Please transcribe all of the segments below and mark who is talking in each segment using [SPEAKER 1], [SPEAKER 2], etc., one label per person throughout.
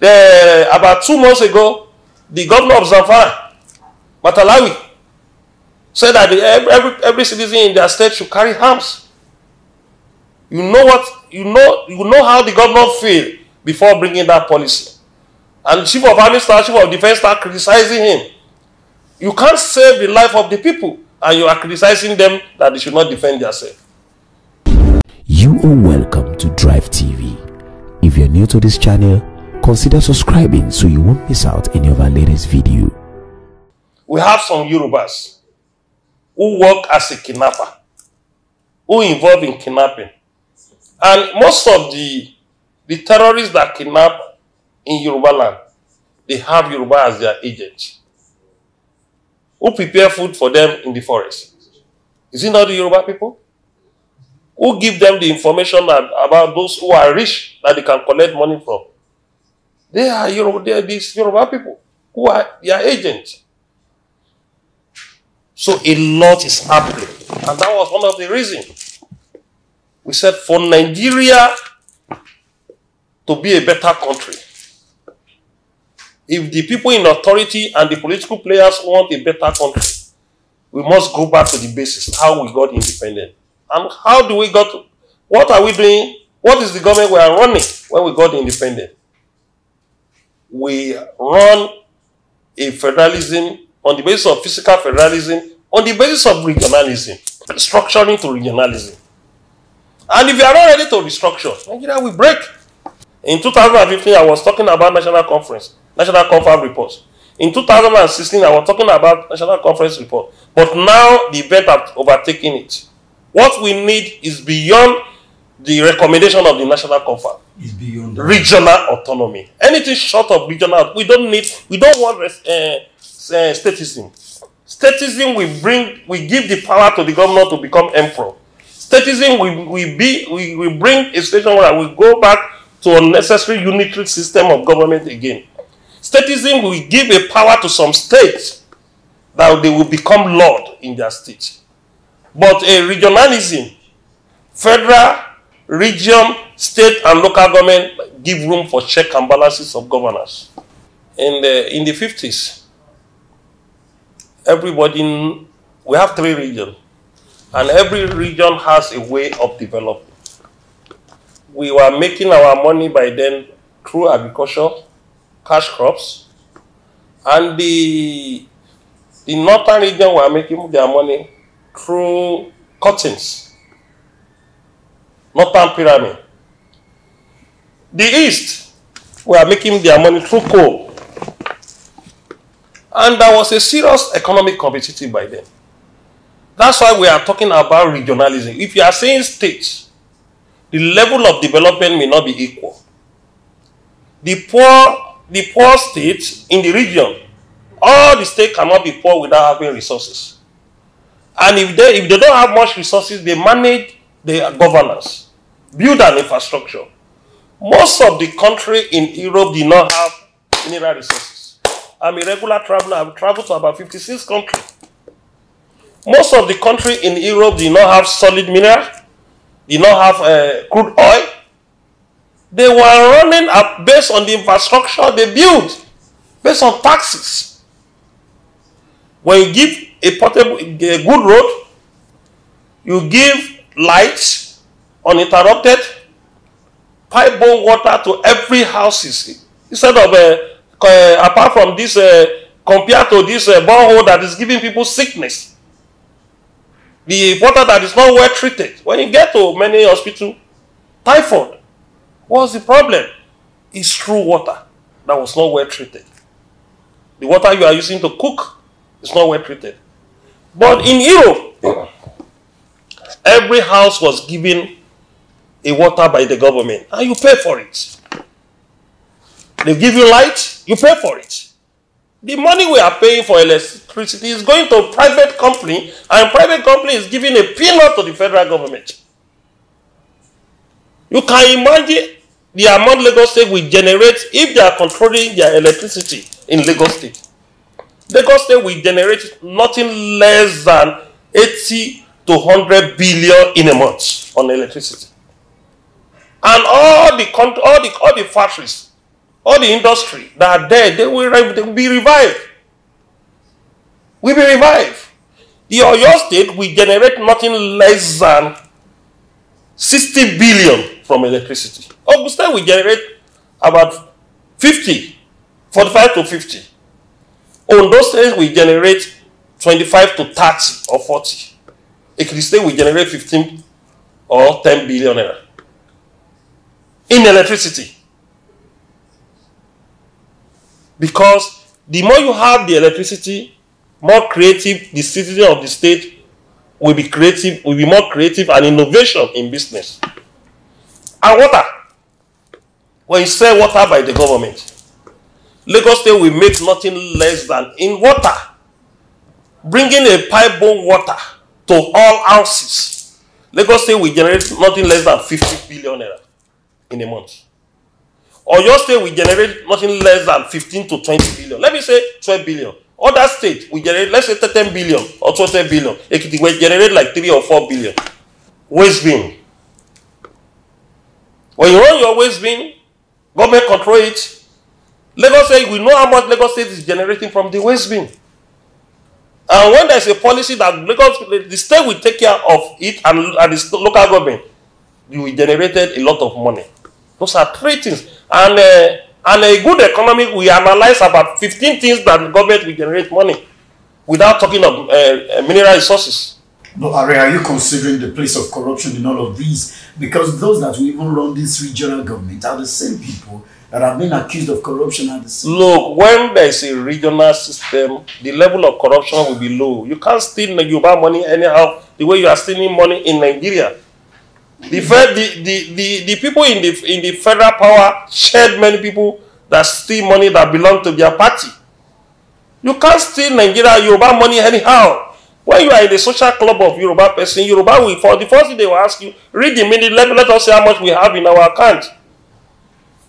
[SPEAKER 1] Eh, about two months ago, the governor of Zamfara, Matalawi, said that every, every citizen in their state should carry arms. You know what? You know, you know how the governor failed before bringing that policy. And chief of army staff, chief of defense start criticizing him. You can't save the life of the people, and you are criticizing them that they should not defend themselves. You are welcome to Drive TV. If you're new to this channel, consider subscribing so you won't miss out any of our latest video. We have some Yorubas who work as a kidnapper, who involved in kidnapping. And most of the, the terrorists that kidnap in Yoruba land, they have Yoruba as their agent. Who prepare food for them in the forest? Is it not the Yoruba people? Who give them the information about those who are rich that they can collect money from? They are, you know, they are these Yoruba people who are their agents. So a lot is happening. And that was one of the reasons. We said for Nigeria to be a better country, if the people in authority and the political players want a better country, we must go back to the basis, how we got independent. And how do we got, what are we doing? What is the government we are running when we got independent? we run a federalism on the basis of physical federalism, on the basis of regionalism, structuring to regionalism. And if you are not ready to restructure, Nigeria will break. In 2015, I was talking about national conference, national conference report. In 2016, I was talking about national conference report. But now the event have overtaken it. What we need is beyond the recommendation of the national conference is beyond that. regional autonomy. Anything short of regional, we don't need, we don't want uh, uh, statism. Statism will bring, we give the power to the governor to become emperor. Statism will, will be, we will bring a situation where we go back to unnecessary unitary system of government again. Statism will give a power to some states that they will become lord in their state. But a regionalism, federal region, state, and local government give room for check and balances of governance. In the, in the 50s, everybody, in, we have three regions, and every region has a way of developing. We were making our money by then through agriculture, cash crops, and the, the northern region were making their money through cuttings. northern pyramid. The East were making their money through coal. And there was a serious economic competition by then. That's why we are talking about regionalism. If you are saying states, the level of development may not be equal. The poor, the poor states in the region, all the states cannot be poor without having resources. And if they, if they don't have much resources, they manage their governance. build an infrastructure. Most of the country in Europe did not have mineral resources. I'm a regular traveler. I've traveled to about 56 countries. Most of the country in Europe did not have solid mineral, did not have uh, crude oil. They were running up based on the infrastructure they built, based on taxes. When you give a portable, a good road, you give lights, uninterrupted pipe bone water to every houses instead of uh, uh, apart from this uh, compared to this uh, borehole that is giving people sickness the water that is not well treated when you get to many hospitals, typhoid what's the problem is true water that was not well treated the water you are using to cook is not well treated but in europe every house was given a water by the government and you pay for it. They give you light, you pay for it. The money we are paying for electricity is going to a private company and private company is giving a peanut to the federal government. You can imagine the amount Lagos State will generate if they are controlling their electricity in Lagos State. Lagos State will generate nothing less than 80 to 100 billion in a month on electricity. And all the, all the, all the factories, all the industry that are there, they will, they will be revived. Will be revived. The Oyo State will generate nothing less than sixty billion from electricity. Ogun State will generate about 50, 45 to 50. those State we generate 25 to 30 or 40. A State we generate 15 or 10 billion naira in electricity. Because the more you have the electricity, more creative the citizen of the state will be creative, will be more creative and innovation in business. And water. When you sell water by the government, Lagos State will make nothing less than in water. Bringing a pipe borne water to all houses, Lagos State will generate nothing less than 50 billion naira in a month. Oyo State will generate nothing less than fifteen to twenty billion. Let me say twelve billion. Other state will generate, let's say 10 billion or 12 billion. Ekiti will generate like three or four billion. Waste bin. When you run your waste bin, government control it. Lagos say we know how much Lagos State is generating from the waste bin. And when there is a policy that Lagos, the state will take care of it and, and the local government, you generated a lot of money. Those are three things. And, uh, and a good economy, we analyze about 15 things that the government will generate money without talking of uh, uh mineral resources. But Ari, are you considering the place of corruption in all of these? Because those that will even run this regional government are the same people that have been accused of corruption at the same Look, when there is a regional system, the level of corruption will be low. You can't steal Yoruba money anyhow the way you are stealing money in Nigeria. The, the, the, the, the people in the, in the federal power shared many people that steal money that belong to their party. You can't steal Nigeria Yoruba money anyhow. When you are in the social club of Yoruba person, Yoruba will, for the first thing they will ask you, read the minute, let, let us see how much we have in our account.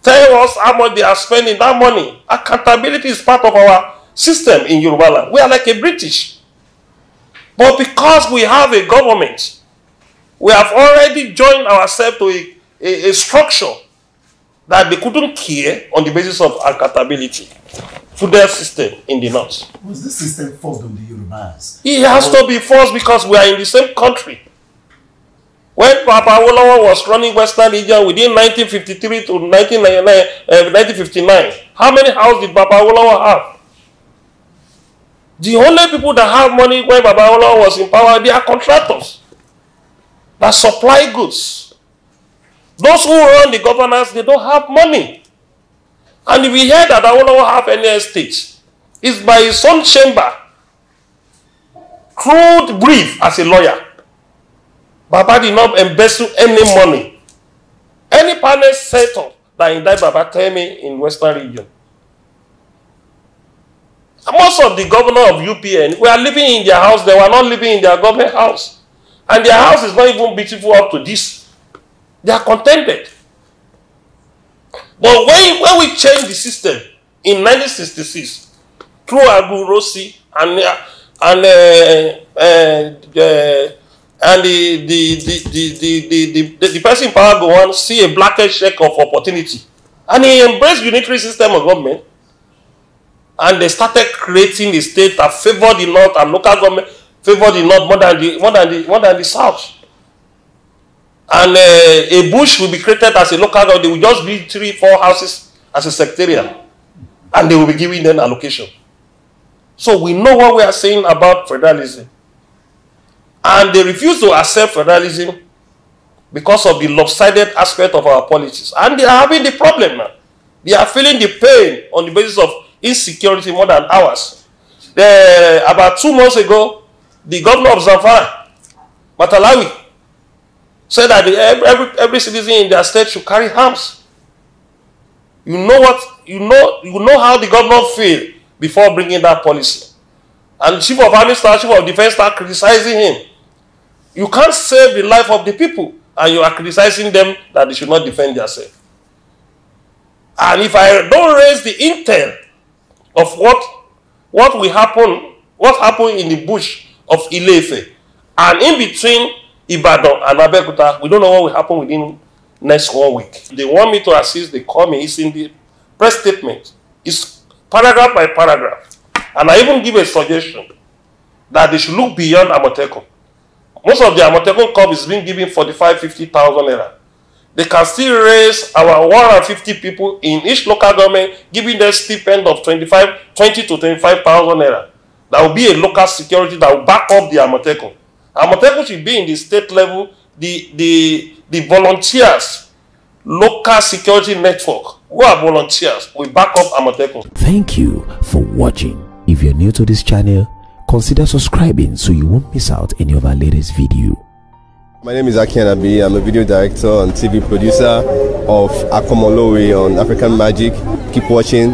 [SPEAKER 1] Tell us how much they are spending that money. Accountability is part of our system in Yoruba land. We are like a British. But because we have a government We have already joined ourselves to a, a, a structure that they couldn't care on the basis of accountability to their system in the north. Was this system forced on the Yorubas?
[SPEAKER 2] It has to
[SPEAKER 1] be forced because we are in the same country. When Papa Olawa was running Western Nigeria within 1953 to 1999, 1959, how many houses did Papa Olawa have? The only people that have money when Baba Olawa was in power, they are contractors. that supply goods. Those who run the governance, they don't have money. And if we hear that I will not have any estate, it's by his own chamber. Crude brief as a lawyer. Baba did not embezzle any money. Any panel set up that indict Baba Temi in Western region. most of the governor of UPN were living in their house, they were not living in their government house. And their house is not even beautiful up to this. They are contented. But when, when we change the system in 1966 through Agu Rossi and, and, uh, uh, uh, and the, the, the, the, the, the, the, the, person in power go on see a blackest check of opportunity. And he embraced unitary system of government. And they started creating a state that favored the north and local government favor the north more than the more than the more than the south and uh, a bush will be created as a local government they will just build three four houses as a sectarian, and they will be giving them allocation so we know what we are saying about federalism and they refuse to accept federalism because of the lopsided aspect of our politics and they are having the problem now they are feeling the pain on the basis of insecurity more than ours the, about two months ago the governor of Zamfara, Matalawi, said that the, every, every citizen in their state should carry arms. You know what? You know, you know how the governor feel before bringing that policy. And the chief of army staff, chief of defence start criticizing him. You can't save the life of the people, and you are criticizing them that they should not defend themselves. And if I don't raise the intel of what, what will happen, what happened in the bush of ile And in between Ibadan and Abeokuta, we don't know what will happen within next one week. They want me to assist, they call me, it's in the press statement. It's paragraph by paragraph. And I even give a suggestion that they should look beyond Amotekun. Most of the Amotekun Cup is being given 45, 50,000 naira. They can still raise our 150 people in each local government, giving their stipend of 25, 20 to 25,000 naira. That will be a local security that will back up the Amateco. Amateco should be in the state level, the, the, the volunteers, local security network, who are volunteers, will back up Amateco. Thank you for watching. If you're new to this channel, consider subscribing so you won't miss out any of our latest video. My name is Akian Anabi. I'm a video director and TV producer of Akomolowe on African Magic. Keep watching.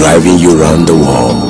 [SPEAKER 1] driving you round the world.